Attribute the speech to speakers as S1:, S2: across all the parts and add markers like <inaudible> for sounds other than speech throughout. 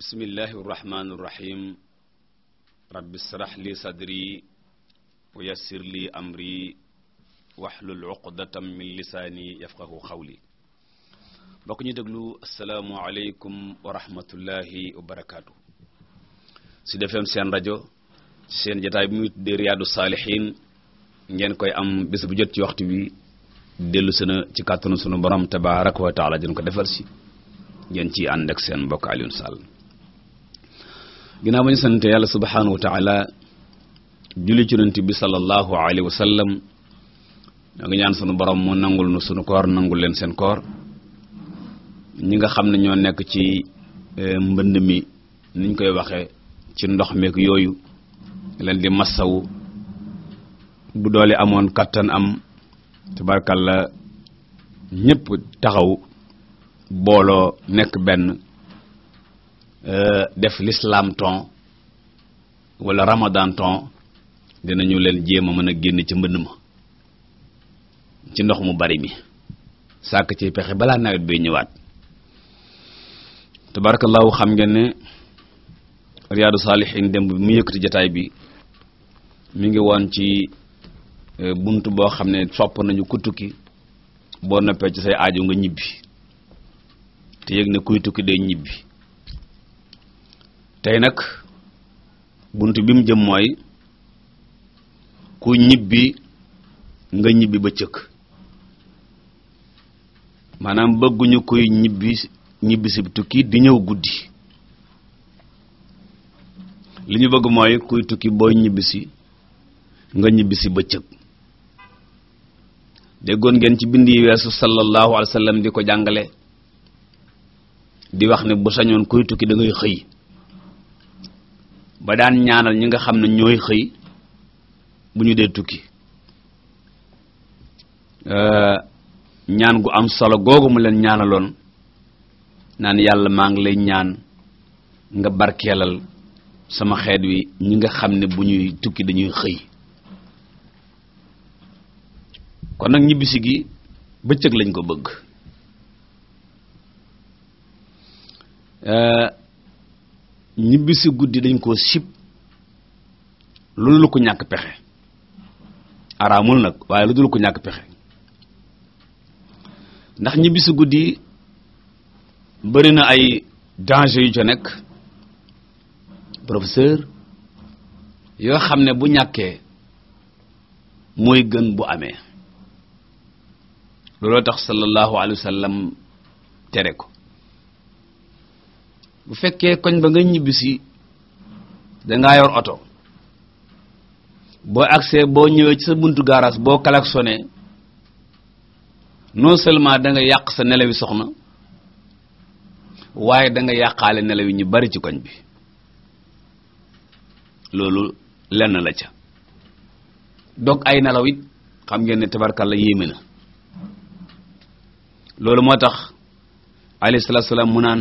S1: bismillahi irrahmani irrahim rabbi israh li sadri wa yassir li amri waxlul uqdatam min lisaani yafqahu xawli mbokk ñu déglu asalaamu aleykum wa rahmatullahi wa barakaatu su defeem seen rajo seen jataay bi muy tuddee riyaadu saalihin ngeen koy am bés bu jot ci waxtu bi dellu sena ci kàttanu sunu borom tabaraka wa taala dina ko defal si ngeen ci ànd seen mbokk Alioune Sall ginaaw ba ñu sante yàlla subhaanahu wa taala julli ci yonent bi sallallahu alayhi wa sallam ñoo ngi ñaan sunu borom mu nangul nu sunu koor nangu leen seen koor ñi nga xam ne ñoo nekk ci e, mbënd mi niñ koy waxe ci ndox meek yooyu leen di massawu bu doole amoon kàttan am tabarkalla ñépp taxaw booloo nekk benn Euh, def l'islam ton wala ramadan ton dinañu leen jéem a mën a génn ci mbënn ma ci ndox mu bari mi sàkk ci pexe balaa nawet bay ñëwaat te tabarakallahu xam ngeen ne riyaadu saalihin démb bi mu yëkkati jataay bi mu ngi woon ci euh, bunt boo xam ne sopp nañu ku tukki boo noppee ci say aajo nga ñibbi te yëg ne kuy tukki day ñibbi tey nag bunt bi mu jëm mooy ku ñibbi nga ñibbi bëccëg maanaam bëgguñu kuy ñibbi ñibbisi tukki di ñëw guddi li ñu bëgg mooy kuy tukki booy ñibbi si nga ñibbi si bëccëg déggoon ngeen ci bind yi weesu sallallahu alayhi wa sallam di ko jàngale di wax ne bu sañoon kuy tukki dangay xëy ba daan ñaanal ñi nga xam ne ñooy xëy bu ñu dee tukki euh, ñaan gu am solo googu mu leen ñaanaloon naan yàlla maa ngi lay ñaan nga barkeelal sama xeet wi ñi nga xam ne bu ñuy tukki dañuy xëy kon nag ñibbisi gi bëccëg lañ ko bëgg euh, ñibbisi guddi dañ koo sib loolu lu ko ñàkk pexe araamul nag waaye lu dul ko ñàkk pexe ndax ñibbisi guddi bëri na ay danger yu ca nekk professeur yoo xam ne bu ñàkkee mooy gën bu amee looloo tax sallallahu alayhi wa sallam tere ko bu fekkee koñ ba nga ñibbisi danga yor oto boo agsee boo ñëwee ci sa buntu garage boo klaxonné non seulement da nga yàq sa nelawi soxna waaye danga nga yàqaale nelawi ñu bari ci koñ bi loolu lenn la ca dog ay nelaw it xam ngeen ne tabarkalla yéeme na loolu moo tax alayhi salaatu salaam mu naan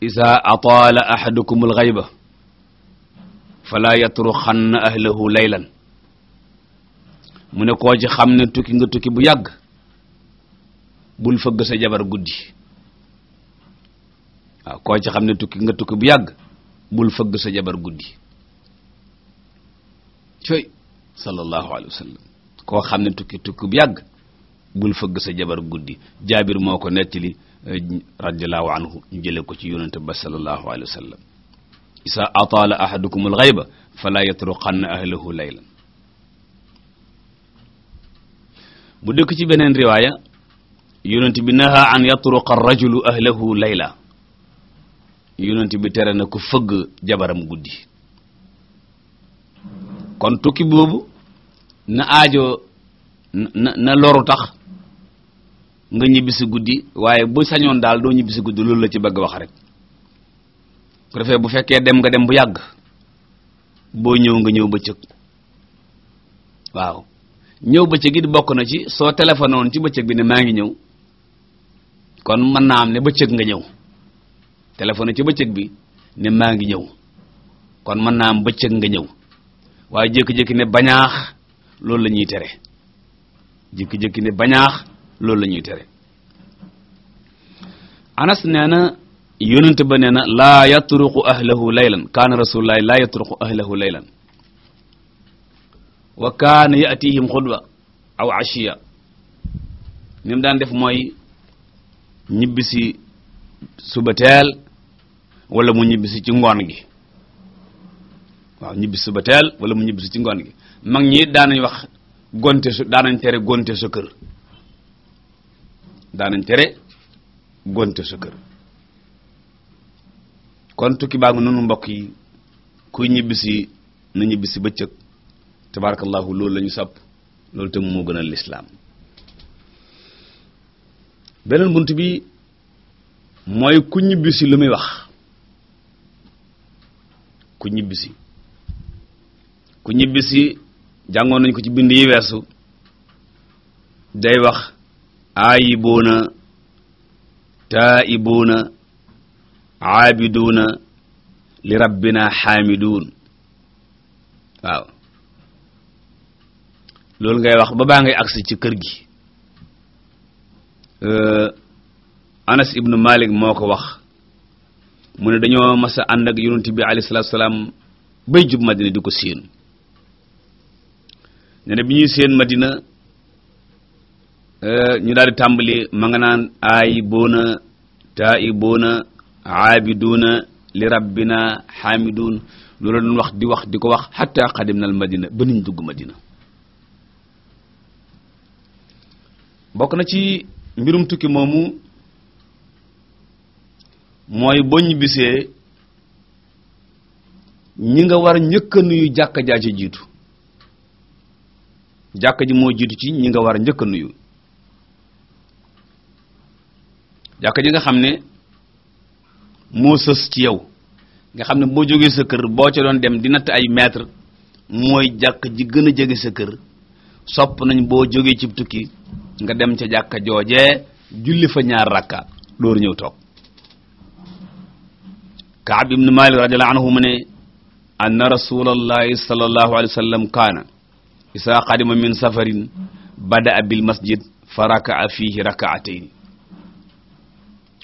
S1: isaa ataala ahadukum alxayba falaa yatruxanna ahlahu laylan mu ne koo ci xam ne tukki nga tukki bu yàgg bul fëgg sa jabar guddi waaw koo ci xam ne tukki nga tukki bu yàgg bul fëgg sa jabar guddi coy sallallahu alayhi wa sallam koo xam ne tukki tukki bu yàgg bul fëgg sa jabar guddi jaabir moo ko nettali radiallahu anhu ñu jële ko ci yonente ba sallallahu alayhi wa sallam isa ataala ahadukum alxayba fala yatruqanna ahlahu laylan bu dëkk ci beneen riwaaya yonent bi naha an yatruqa rajulu ahlahu layla yonent bi tere na ko fëgg jabaram guddi kon tukki boobu na aajo na loru tax nga ñibbi si guddi waaye bu sañoon daal doo ñibbi si guddi loolu la ci bëgg wax rek bu defee bu fekkee dem nga dem bu yàgg boo ñëw nga ñëw bëccëg waaw ñëw bëccëg it bokk na ci soo téléphoné ci bëccëg bi ne maa ngi ñëw kon mën na am ne bëccëg nga ñëw téléphoné ci bëccëg bi ne maa ngi ñëw kon mën naa am bëccëg nga ñëw waaye jékki-jékki ne bañaax loolu la ñuy tere jékki-jékki ne bañaax loolu la ñuy tere anas nee na yonent ba nee na laa yatruqu ahlahu laylan kaana rasulullahi laa yatruqu ahlahu laylan wa kaana yatihim xudba aw ashiya ni daan def mooy ñibbisi suba teel wala mu ñibbisi ci ngoon gi waaw ñibbisi suba teel wala mu ñibbisi ci ngoon gi mag ñi daanañ wax gonte su daanañ tere gonte sa kër daanañ tere gonte sa kër kon tukki baa ngi noonu mbokk yi kuy ñibbisi na ñibbisi bëccëg tabarakallahu loolu la ñu sàpp loolu tam moo gën a lislaam beneen bunt bi mooy ku ñibbisi lu muy wax ku ñibbisi ku ñibbisi jàngoon nañ ko ci bind yi weesu day wax aayibuuna taa'ibuuna aabiduuna li rabbina xaamiduun waaw loolu ngay wax ba baa ngay agsi ci kër gi Anas ibnu Malik moo ko wax mu ne dañoo mas a ànd ak yonent bi alayhi salaatu salaam bay jub Madina di ko séen ne bi ñuy séen Madina Euh, ñu daal di tàmbali ma nga naan aayibuuna taa'ibuuna aabiduuna li rabbina xaamiduun loolu doon wax di wax di ko wax xatta xadimna al madina ba niñ dugg madina bokk na ci mbirum tukki moomu mooy boo ñibbisee ñi nga war a njëkk a nuyu jàkka jaa ci jiitu jàkka ji moo jiitu ci ñi nga war a njëkk a nuyu jàkka ji nga xam ne moo sës ci yow nga xam ne boo jógee sa kër boo ca doon dem di natt ay mètre mooy jàkk ji gën a jege sa kër sopp nañ boo jógee ci tukki nga dem ca jàkka joojee julli fa ñaar rakka loolu ñëw toog Kaab ibn Malik radiyallahu anhu mu ne anna rasulallahi sallallahu alayhi wa sallam kaana isaa qadima min safarin bada'a bil masjid fa raka'a fiihi raka'atayn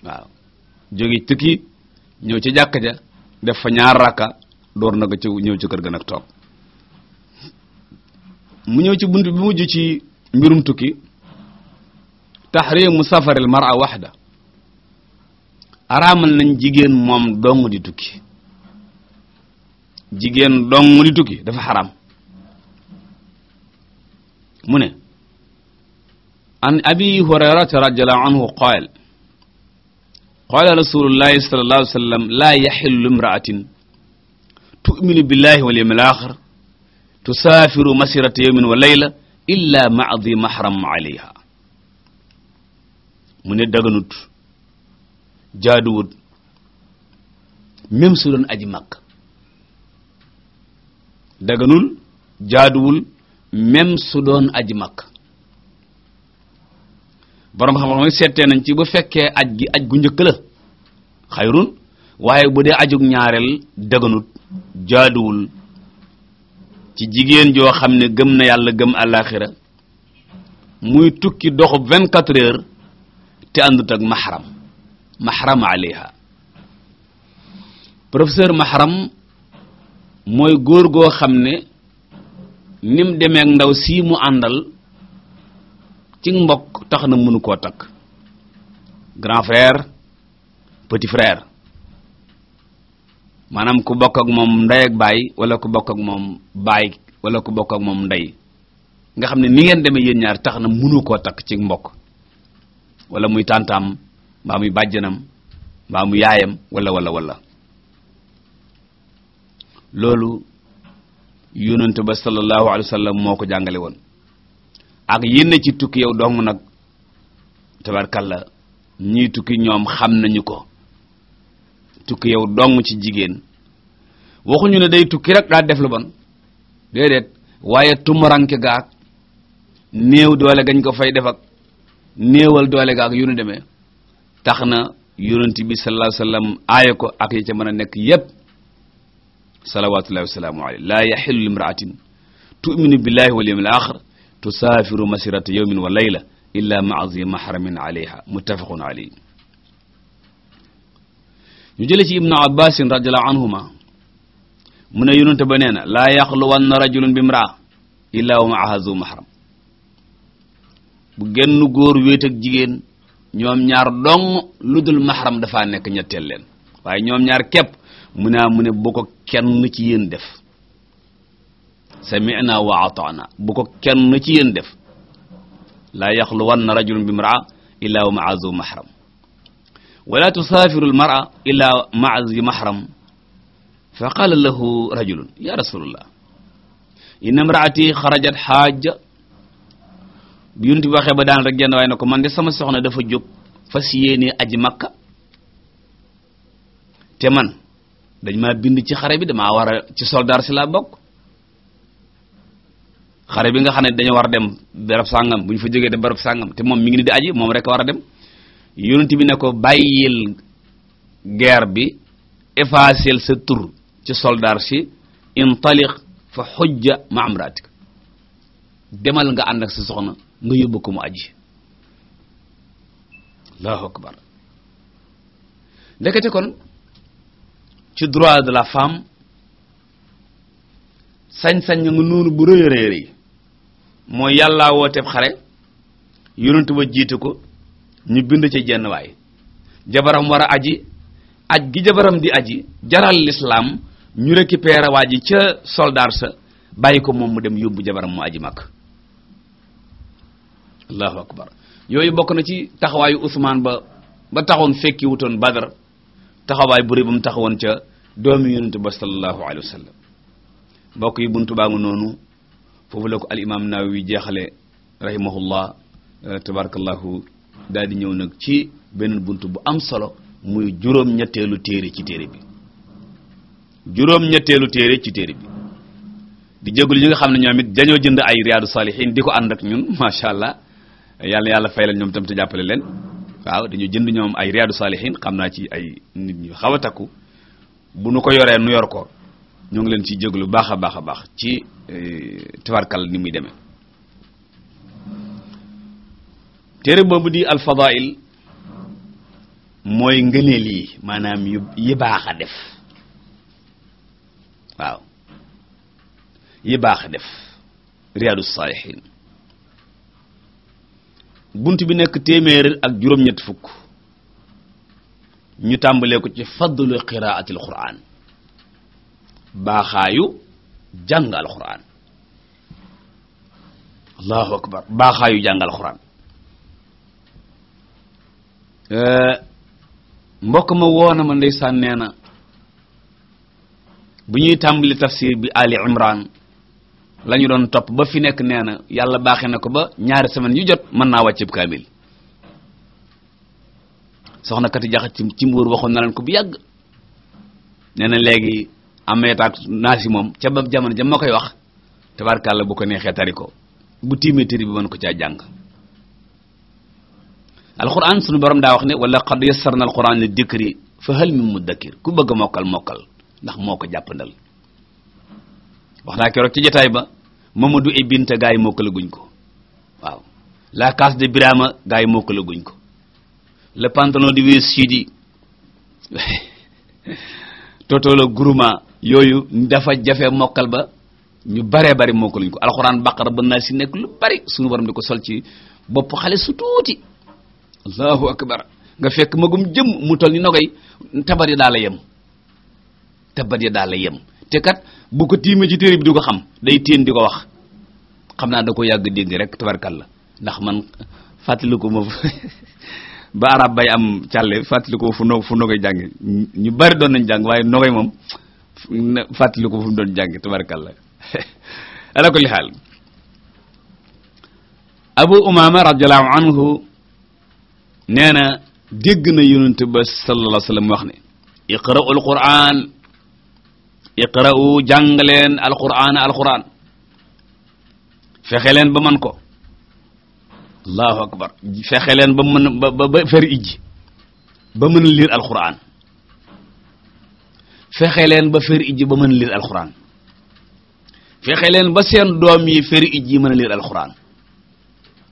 S1: waaw tukki ñëw ci jàkk ja def fa ñaar rakka door na ko ci ñëw ci kër ga nag toog mu ñëw ci bunt bi mujj ci mbirum tukki tahrimu safaril mar'a wahda araamal nañ jigéen moom dong di tukki jigéen dong di tukki dafa xaram mu ne an abi hurayrata radiyallahu anhu qaal qaala rasulullahi sallallahu alayhi wa sallam laa yaxillu imraatin tu'minu billahi wal yawmil axir tusaafiru masirata yawmin wa layla illa ma'a di mahram alayha mu ne daganut jaaduwut même su doon aji màkk daganul jaaduwul même su doon aji màkk borom xam-xam seetee nañ ci ba fekkee aj gi aj gu njëkk la xayrun waaye bu dee ajug ñaareel daganut jaaduwul ci jigéen joo xam ne gëm na yàlla gëm àllaaxira muy tukki doxub vingt quatre heures te àndut ak mahram mahram aleyha professeur mahram mooy góor goo xam ne nim demee ndaw sii mu àndal ci mbokk tax na mënu koo takk grand frère petit frère maanaam ku bokk ak moom ndey ak baay wala ku bokk ak moom baay wala ku bokk ak moom ndey nga xam ne ni ngeen demee yéen ñaar tax na munu koo takk ci mbokk wala muy tàntaam mbaa muy bàjjanam mbaa mu yaayam wala wala wala loolu yonente ba sallallahu alayhi wa sallam moo ko jàngale woon ak yenn ci tukki yow dong nag tabarkalla ñii tukki ñoom xam nañu ko tukki yow dong ci jigéen waxuñu ne day tukki rek daa def lu bon déedéet waaye tumuranke gaak néew doole gañ ko fay def ak néewal doole gaak yu demee tax na yonent bi sallallahu alayhi ko ak yi mën a nekk yépp salawatullahi wasalaamu alayhi la yaxillu limraatin tu'minu billahi wal yawmil axir tusaafiru masirata yawmin wa layla illa maazi mahramin alayha muttafaqun alayhi ñu jële ci ibnu abbasin radiallahu anhuma mu ne yonente ba nee na laa yaxluwanna rajulun bimraa illa wa maaha zu mahram bu genn góor wéet ak jigéen ñoom ñaar dong lu dul mahram dafa nekk ñetteel leen waaye ñoom ñaar képp mu ne mu ne bu ci yéen def sami'na wa ata'na bu ko kenn ci yéen def laa yaxluwanna rajulun bi mar'a illa wa ma'a zu mahram wala tusafiru al mar'a illa ma'a mahram fa qala lahu rajulun ya rasulullah inna imra'ati xarajat xaaja bi yonent bi waxee ba daan rek genn waaye ne ko man sama soxna dafa jóg fa yéene aji makka te man dañ ma bind ci xare bi damaa war ci soldaar si laa bokk xare bi nga xam ne dañoo war a dem barab sàngam bu ñu fa jógee dem barab sàngam te moom mi ngi ni di aji moom rek war dem yonent bi ne ko bàyyil guerre bi effacer sa tur ci soldat si intaliq fa xujja ma amratik demal nga ànd ak soxna nga yóbbu ko mu aji allahu akbar ndekete ci droit de la femme sañ-sañ nga noonu bu rëy a rëy mooy yàllaa wooteeb xare yonentu ba jiite ko ñu bind ci jenn waay jabaram war a aji aj gi jabaram di aji jaral lislaam ñu récupéré waa ji ca soldaar sa bàyyi ko moom mu dem yóbbu jabaram mu aji mag allahu akbar yooyu bokk na ci taxawaayu Ousmane ba ba taxoon fekki wutoon Badar taxawaay bu rëy ba mu taxawoon ca doomi yonentu ba sallallahu alayhi wa bokk yi buntu baa nga noonu foofu la ko al imaam Nawawi jeexale rahimahullah euh, tabarakallahu daal di ñëw nag ci beneen bunt bu am solo muy juróom ñetteelu téere ci téere bi juróom ñetteelu téere ci téere bi di jégalu ñi nga xam ne ñoom it dañoo jënd ay riyaadu saalihiin di ko ànd ak ñun <laughs> macha allah yàlla yàlla fay leen ñoom tam te jàppale leen waaw dañoo jënd ñoom ay riyaadu saalihiin xam naa ci ay nit ñu xaw a takku bu nu ko yoree nu yor ko ñoo ngi leen ci jégalu baax a baax a baax Eh, tabarkal ni muy demee téere boobu di alfadail mooy ngëneel lii maanaam yu yi baax a def waaw yi baax a def riyaadu saalihiin bunt bi nekk téeméer ak juróom-ñett fukk ñu tàmbalee ko ci fadlu qiraatil quraan baaxaayu jàng alxuraan allahu akbar baaxaayu jàng alxuraan eh, mbokk ma woona ma ndeysaan nee na bu ñuy tàmbali tafsir bi Ali Imran la doon topp ba fi nekk nee na yàlla baaxee na ko ba ñaari semaine yu jot mën naa wàcceb kaamil soxna kati jaxat ci ci mbuur waxoon na leen ko bu yàgg nee na léegi ametaak naasi moom ca ba jamono ja moo koy wax tabarkàlla bu ko neexee tari ko bu tiimee tëri bi mën ko caa jàng alquran sunu borom daa wax ne wala qad yassarna alquran li dikri fa hal min mudakkir ku bëgg mokkal mokkal ndax moo ko jàppandal wax naa keroog ci jotaay ba Mamadou e Binta gaa yi mokkalaguñ ko waaw la case de Birama gaa yi mokkalaguñ ko le pantalon de Wes Sidi <laughs> totolo groupement yooyu dafa jafe mokkal ba ñu baree bari mokkaluñ ko alxuraan baqara ba naa si nekk lu bari suñu waram di ko sol ci bopp xale su tuuti allahu akbar nga fekk magum jëm mu tol ni nogoy tabat yi daal la yem tabat yi daal la yem te kat bu ko tiimee ci téere bi du ko xam day teen di ko wax xam naa da ko yàgg dégg rek tabarkal la ndax man ko ma <laughs> ba arab bay am càlle fàttaliku fu no fu nogay jànge ñu bari doon nañ jàng waaye nogay moom fàttaliku fu mu doon jànge tabarakallah <laughs> ala kulli xaal abu umama radiallahu anhu nee na dégg na yonent ba sallallahu alayhi wasallam wax ne iqra'u alquran iqra'u jàng leen ba man ko allahu akbar fexe leen ba mën ba ba ba fer ba mën a liir alxuraan fexe leen ba fer mën a alxuraan fexe leen ba seen doom yi fer ijji mën a liir alxuraan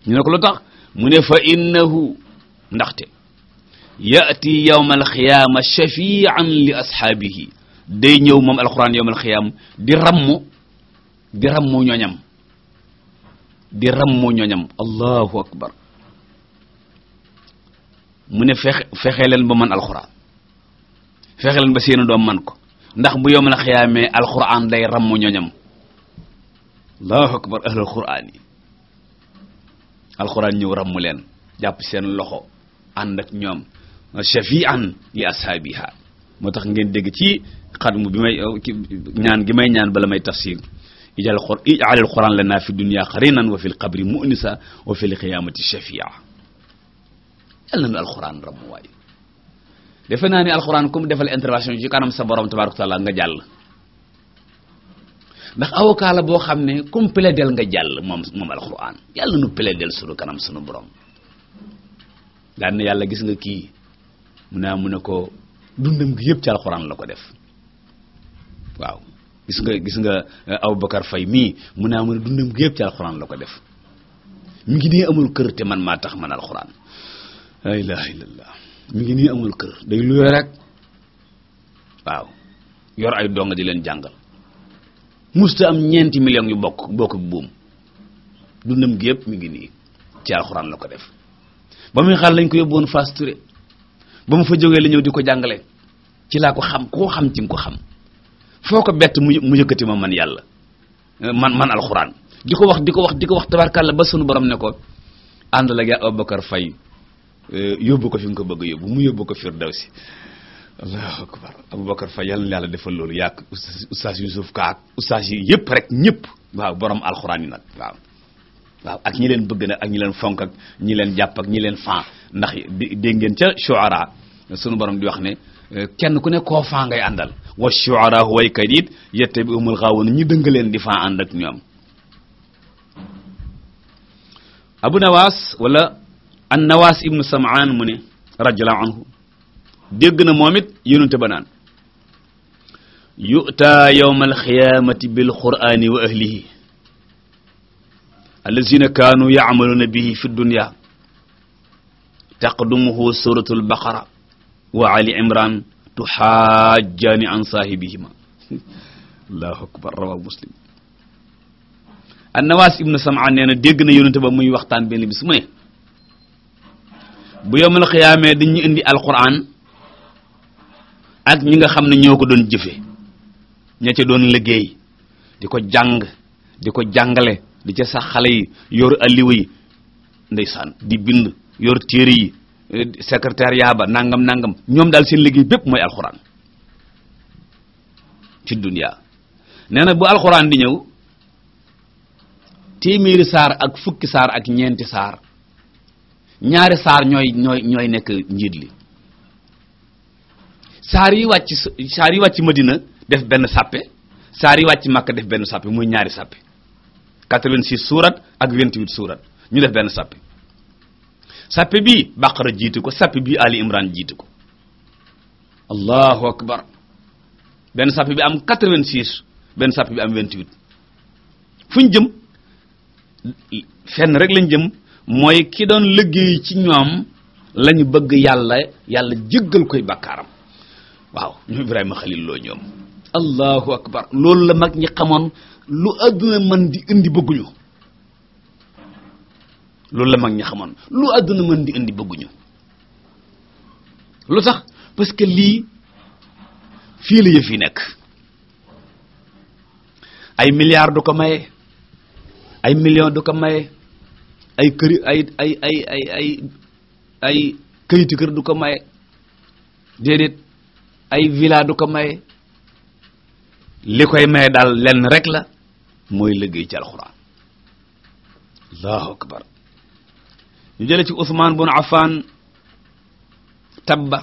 S1: ñu ne ko lu tax mu ne fa innahu ndaxte yati yawma alxiyaama shafian li ashaabihi day ñëw moom alxuraan yawma alxiyaam di rammu di rammu ñooñam di rammu ñoñam allahu akbar mu ne fexe fexe leen ba man alxuraan fexe leen ba seeni doom man ko ndax bu yowmal xiyaamee alxuraan day rammu ñoñam allahu akbar ahlul quraan yi alxuraan ñëw rammu leen jàpp seen loxo ànd ak ñoom shafi'an li ashaabiha moo tax ngeen dégg ci xatmu bi may ñaan gi may ñaan bala may tafsir ijal xor ijal alquran lana fi dunya xarinan wa fil qabri mu'nisa wa fil qiyamati shafi'a yàlla naa ni alquran comme defal intervention ci sa borom tabaraka taala nga jàll ndax boo xam ne comme plaidel nga jàll moom moom alquran yàlla nu plaidel sunu kanam sunu borom daan na yàlla gis nga kii mu naa mu ne ko dundam gi yëpp ci alquran la ko def waaw gis nga gis nga euh, Aboubacar fay mii mu ne mën a dundam gi yëpp ci alxuraan la ko def mi ngi nii amul kër te man maa tax man alxuraan la mi amul kër day luye rek waaw yor ay dong di leen jàngal musta am ñeenti million yu bokk bokk ak buum dundam gi yëpp mi ngi nii ci alxuraan la ko def ba muy xaar lañ ko yóbbu woon Fass Touré ba mu fa jógee la ñëw di ko jàngale ci laa ko xam koo xam ci nga ko xam foo ko bett mu mu yëkkati ma man yàlla euh, man man alxuraan di ko wax di ko wax di ko wax tabarkàlla ba sunu borom ne ko ànd la yaa Abubakar Fay euh, yóbbu ko fi nga ko bëgg yóbbu mu yóbbu ko Firdawsi allahu akbar Abubakar Fay yàlla na yàlla defal loolu yàq oustaz Yusuf Ka ak oustaz yi yëpp rek ñëpp waaw borom alxuraan yi nag waaw waaw ak ñi leen bëgg nag ak ñi leen fonk ak ñi leen jàpp ak ñi leen fan ndax dégg ngeen ca shuara sunu borom di wax ne kenn ku ne koo faa ngay àndal wa shu'ara waykat it yattabi'umul ghaawun ñu dënga leen di faa ànd ak ñoom abu nawaas wala an nawaas ibnu sam'aan mu ne radiyallahu anhu dégg na moom it yonente ba naan yu'taa yawmal qiyaamati bil qur'aani wa ahlihi allazina kaanu ya'maluuna bihi fi dunya taqdumuhu suuratul baqara wa ali imran tuhajjani an sahibihima allahu akbar rawahu muslim annawaas ibnu sam'an nee na dégg na yonente ba muy waxtaan benn bis mu ne bu yowmal xiyaamee dañuy indi alquran ak ñi nga xam ne ñoo ko doon jëfe ña ca doon liggéey di ko jàng di ko jàngale di ca sax xale yi yor alliwa yi ndeysaan di bind yor téere yi secrétariat ba nangam nangam ñoom daal seen liggéey bépp mooy alxuraan ci dunya nee na bu alxuraan di ñëw téeméeri saar ak fukki saar ak ñeenti saar ñaari saar ñooy ñooy nekk njiit li saar yi wàcc saar yi wàcc ma dina def benn sàppe saar yi wàcc Makka def benn sàppe muy ñaari sàppe 86 suurat ak 28 suurat ñu def benn sàppe sappe bii baqara jiitu ko sappe bii ali imran jiitu ko allahu akbar benn sappe bi am quatre-vingt-six benn sappe bi am vingt-huit fu ñu jëm fenn rek lañ jëm mooy ki doon liggéey ci ñoom lañu bëgg yàlla yàlla jéggal koy bàkkaaram waaw ñu Ibrahima Xalil loo ñoom allahu akbar loolu la mag ñi xamoon lu àdduna man di indi bëgguñu loolu la mag ñi xamoon lu àdduna mën di indi bëgguñu lu sax parce que lii fii la yëf nekk ay milliards du ko maye ay millions du ko maye ay këri ay ay ay ay ay ay du ko maye déedéet ay villa du ko maye li koy maye daal lenn rek la mooy liggéey ci alxuraan allahu akbar ñu jële ci Usmaan bun Affaan tabba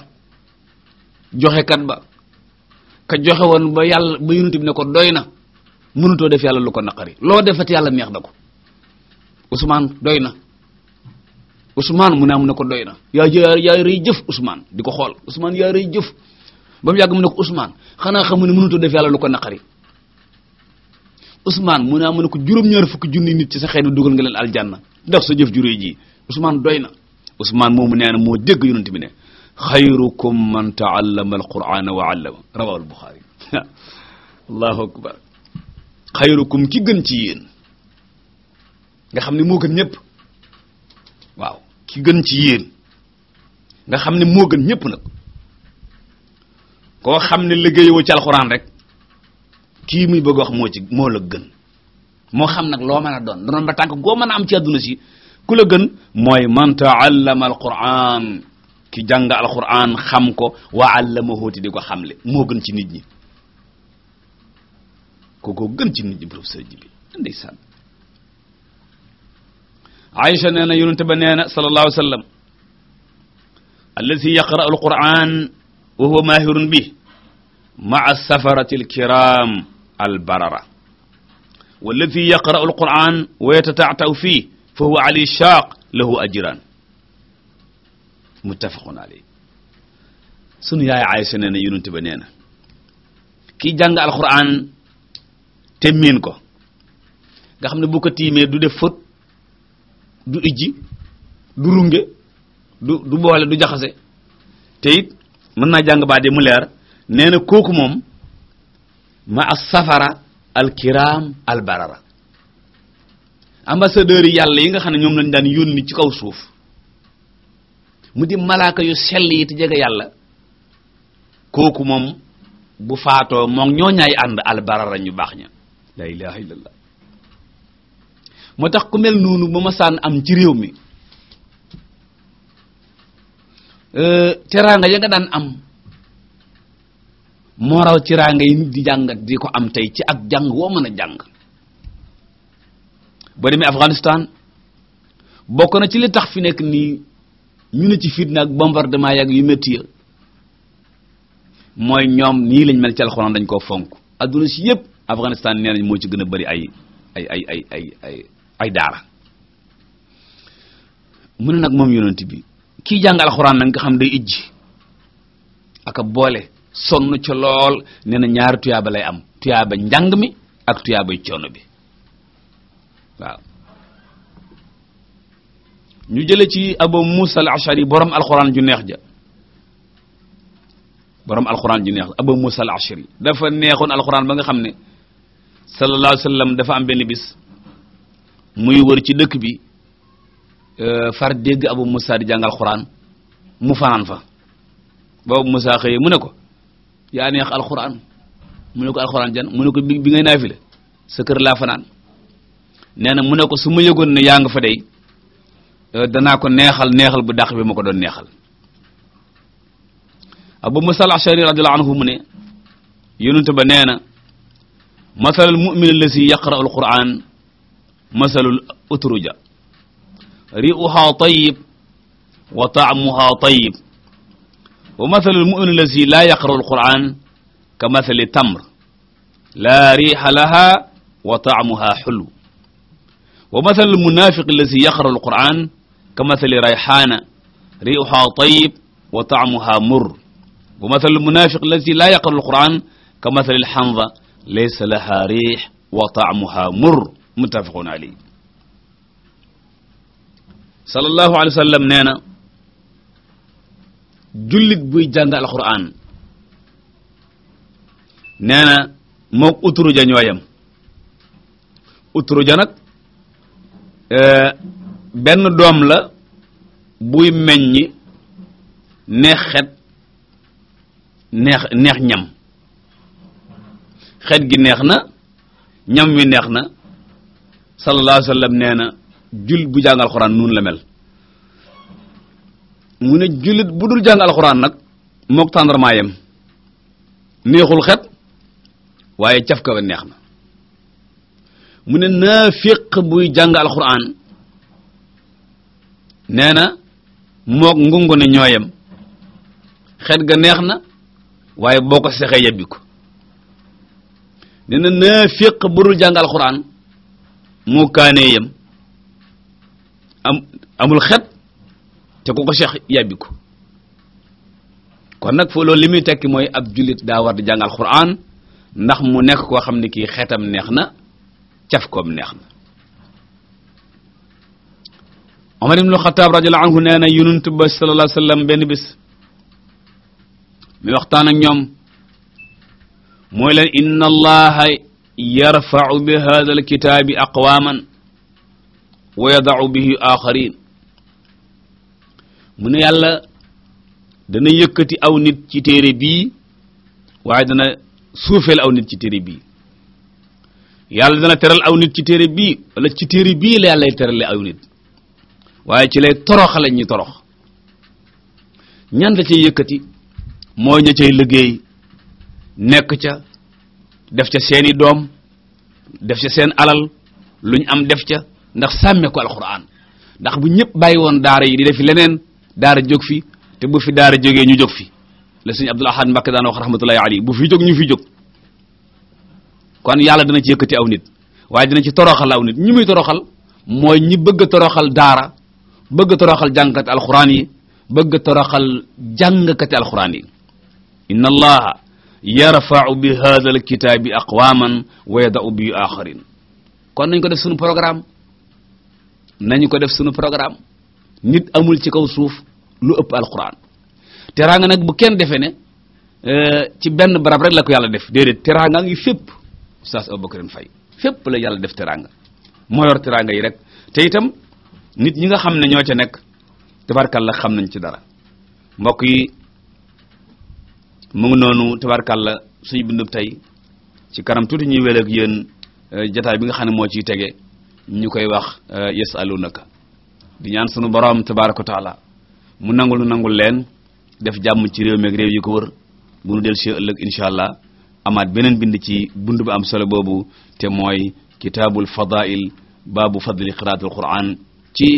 S1: joxekat ba ka joxe woon ba yàlla ba yonent bi ne ko doy na mënutoo def yàlla lu ko naqari loo defati yàlla neex na ko Usmaan doy na Usmaan mu ne am ne ko doy na yaa yaa rëy jëf Usmaan di ko xool Usmaan yaa rëy jëf ba mu mu ne ko Usmaan xanaa xamu ne mënutoo def lu ko naqari Usmaan mu ne am ne ko juróom-ñaar fukki junni nit ci sa xeet bi dugal nga leen aljanna def sa jëf ju ji Ousmane doy na Ousmane moomu ne na moo dégg yonent bi ne xayrukum man taallama alqur'ana wa allama rawahul Buxaari <laughs> allahu akbar xayrukum ki gën ci nga xam ni moo gën ñëpp waaw ki gën ci yéen nga xam ne moo gën ñëpp nag koo xam ne liggéeyoo ci alxuraan rek kii muy bëgg wax moo ci moo la gën moo xam nag loo mën doon doon ba tànk goo mën a am ci àdduna si ku la gën mooy man taallama alquran ki jàng alquran xam ko wa allamahu ti di ko xamle moo gën ci nit ñi kooko gën ci nit ñi professeur ji bi ndeysaan Aïcha nee na yonente ba nee na sallallahu alayhi wa sallam allazi yaqra'u alquran wa huwa maahirun bi ma'a safarati alkiram albarara wallazi yaqra'u alquran wa yatata'ta'u fihi fa huwa ali shaaq lahu ajran muttafaqun alayhi sunu yaay Aysa nee na yonent ba nee na kii jàng alxuraan te miin ko nga xam ne bu ko tiimee du def fët du ijji du runge du du du jaxase te it mën naa jàng baa de mu leer nee na kooku moom ma as safara al kiraam al barara ambassadeurs yi yàlla yi nga xam ne ñoom lañu daan yónni ci kaw suuf mu di malaaka yu sell yi te jege yàlla kooku moom bu faatoo moom ñoo ñaay ànd albarara ñu baax ña la ilaha illallah moo tax ku mel noonu ba ma saan am ci réew mi euh, teraanga ya nga daan am moo raw teraanga yi nit di jàngat di ko am tey ci ak jàng woo mën a jàng ba demee Afghanistan bokk na ci li tax fi nekk nii ñu ne ci fitna ak bombardement yàgg yu métti ya mooy ñoom nii lañ mel ci alxuraan dañ koo fonk adduna si yëpp Afghanistan nee nañ moo ci gën a bëri ay ay ay ay daara mu nag moom yonent bi kii jàng alxuraan nag nga xam day ijji aka boole sonn ca lool nee ñaari tuyaaba lay am tuyaaba njàng mi ak tuyaabay coono bi waaw ñu jële ci abu musa al ashari alxuraan ju neex ja boroom alxuraan ju neex abu musa al dafa neexoon alxuraan ba nga xam ne sallallahu alayhi dafa am benn bis muy wër ci dëkk bi euh, far dégg abu musa di jàng alxuraan mu fanaan fa ba abu musa xëyee mu ne ko yaa neex alxuraan mu ne ko alxuraan jan mu ne ko bi ngay naafile sa kër laa fanaan nee na mu ne ko su ma yëgoon ne yaa nga fa dey euh, danaa ko neexal neexal bu dàq bi ma ko doon neexal abu musa al-ashari radiyallahu anhu mu ne yonente ba nee na masalul mu'min allazi yaqra'u al-qur'an masalul utruja ri'uha tayyib wa ta'muha tayyib wa masalul mu'min allazi la yaqra'u al-qur'an ka masali tamr la riha laha wa ta'muha hulw wa mathal munafiq allazi yaqra alquran ka mathali rayhana riuha tayyib wa taamuha mur wa mathal almunafiq allazi la yaqra alquran ka mathali alhamza laysa laha rih wa taamuha mur muttafaqun alayh sallallahu alayhi wa sallam nee na jullit buy jàng alquran nee na mook uturu ja ñooyam uturu ja nag Euh, benn doom la buy meññi neex xet neex neex ñam xet gi neex na ñam wi neex na sallallahu alayhi wa nee na jul bu jàng alxuraan nun la mel mu ne jullit bu dul jàng alxuraan nag mook tàndarmaa yem neexul xet waaye caf ka neex na mu ne naafiq buy jàng alxuraan nee na mook ngungu ne ñooyam xet ga neex na waaye boo ko sexee yebbi ko nee na naafiq bu dul jàng alxuraan moo kaanee yem am amul xet te ku ko sex yebbi kon nag foo loolu li muy tekki mooy ab jullit daa war di jàng alxuraan ndax mu nekk koo xam ne kii xetam neex na caf koom neex na Omar ibnu Xataab radiyallahu anhu nee na yonent ba sallallahu alayhi wa sallam benn bis mi waxtaan ak ñoom mooy leen inna allaha yarfa'u bi hadha alkitaabi aqwaman wa yada'u bihi axarin mu ne yàlla dana yëkkati aw nit ci téere bi waaye dana suufeel aw nit ci téere bi yàlla dana teral aw nit ci téere bii wala ci téere bii la yàlla lay terale aw nit waaye ci lay toroxale ñi torox ñan la cay yëkkati mooy ña cay liggéey nekk ca def ca seeni doom def ca seen alal luñ am def ca ndax sàmme ko alxuraan ndax bu ñëpp bàyyi woon daara yi di defi leneen daara jóg fi te bu fi daara jógee ñu jóg fi la sëñ Abdul Ahad Mbakke daan wax rahmatullahi alayhi bu fi jóg ñu fi jóg kon yàlla dana ci yëkkati aw nit waaye dina ci toroxal aw nit ñi muy toroxal mooy ñi bëgg toroxal daara bëgg a toroxal jàngkati alxuraan yi bëgg toroxal jàngkati alxuraan yi inna allaha yarfa'u bi hadha alkitabi aqwaman wa da bi akharin kon nañ ko def suñu programme nañ ko def suñu programme nit amul ci kaw suuf lu ëpp alxuraan teraanga nag bu kenn defee ne eh, ci benn barab rek la ko yàlla def déedéet teraanga ngi fépp oustaz Aboubacarine Faye fépp la yàlla def teraanga moo yor teraanga yi rek te itam nit ñi nga xam ne ñoo ca nekk la xam nañ ci dara mbokk yi mu ngi noonu tabarkalla suñu bindub tey ci kanam tuuti ñuy wel ak yéen euh, jataay bi nga xam ne moo ciy tege ñu koy wax euh, yasalunaka di ñaan sunu borom tabaraka taala mu nangul nu nangul leen def jàmm ci réew mi ak réew yi ko wër bu nu del si ëllëg incha allah amaat beneen bind ci bund bi am solo boobu te mooy kitaabul fadail baabu fadli qiraatul quran ci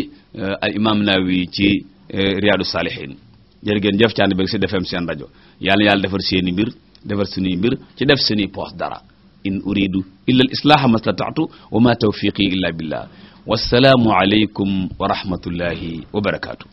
S1: eh, al imam Nawawi ci eh, riyaadu saalihin jërë ngeen jëf ci ànd beeg si defem seen rajo yàlla yàlla si seeni mbir defar suñuy mbir ci def suñuy poos dara in uridu illa al islaaha mastata'tu wa ma tawfiqi illa billah wassalaamu alaykum wa rahmatullahi wa barakaatu